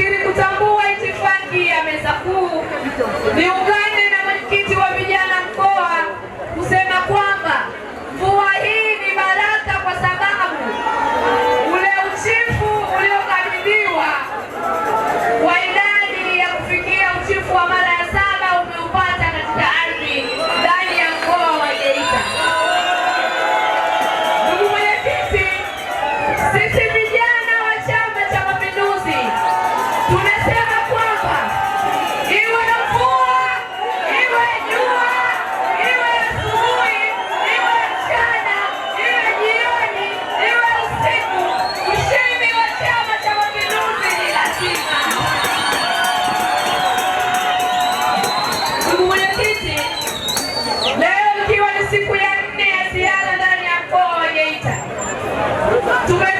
ili kutambua itifaki ya meza kuu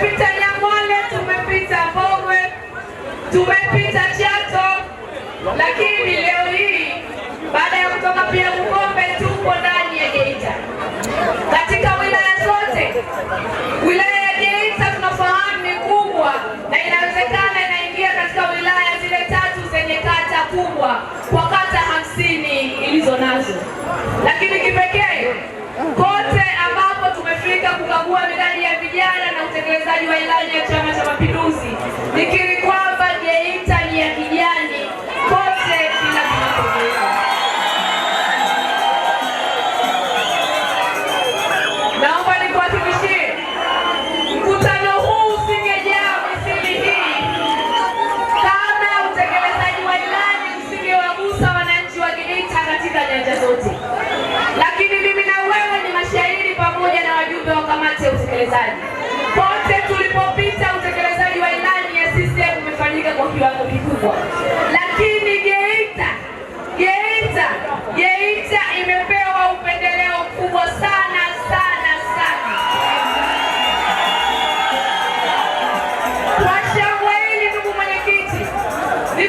tumepita Nyamwale, tumepita Mbogwe, tumepita Chato, lakini leo hii baada ya kutoka pia Bukombe tuko ndani ya Geita katika wilaya zote wilaya Thank you.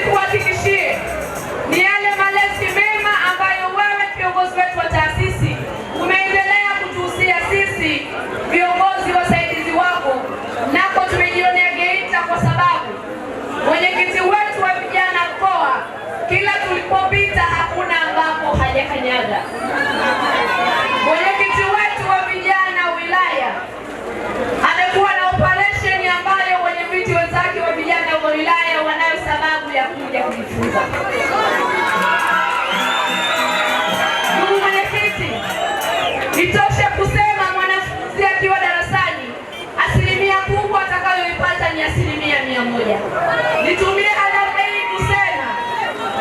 kuwapiga Ndugu mwenyekiti, itoshe kusema mwanafunzi akiwa darasani asilimia kubwa atakayoipata ni asilimia mia moja. Nitumie adhabu hii kusema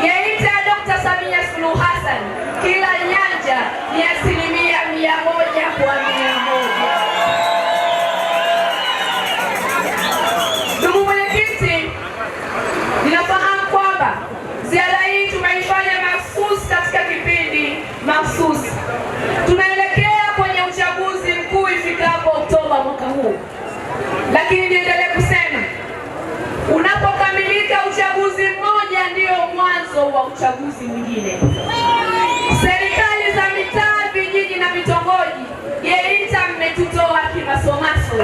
Geita ya Dkt. Samia Suluhu Hassan kila nyanja ni mwanzo wa uchaguzi mwingine. Serikali za mitaa, vijiji na vitongoji, Geita mmetutoa kimasomaso.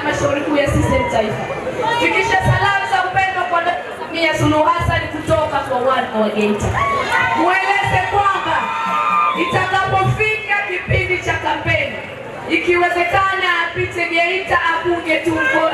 halmashauri kuu ya CCM taifa. Fikisha salamu za upendo kwa Samia Suluhu Hassan kutoka kwa wana wa Geita, mweleze kwamba itakapofika kipindi cha kampeni, ikiwezekana apite Geita, mkono tumbo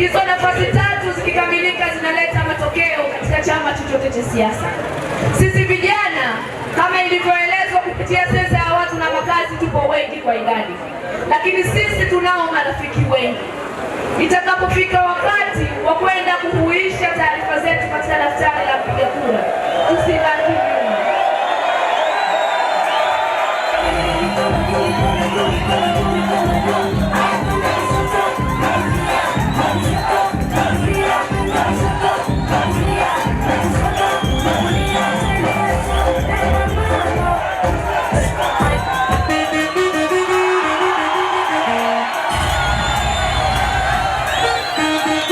Hizo nafasi tatu zikikamilika zinaleta matokeo katika chama chochote cha siasa. Sisi vijana kama ilivyoelezwa kupitia sensa ya watu na makazi, tupo wengi kwa idadi, lakini sisi tunao marafiki wengi. Itakapofika wakati wa kwenda kuhuisha taarifa zetu katika daftari la kupiga kura, tusibaki nyuma.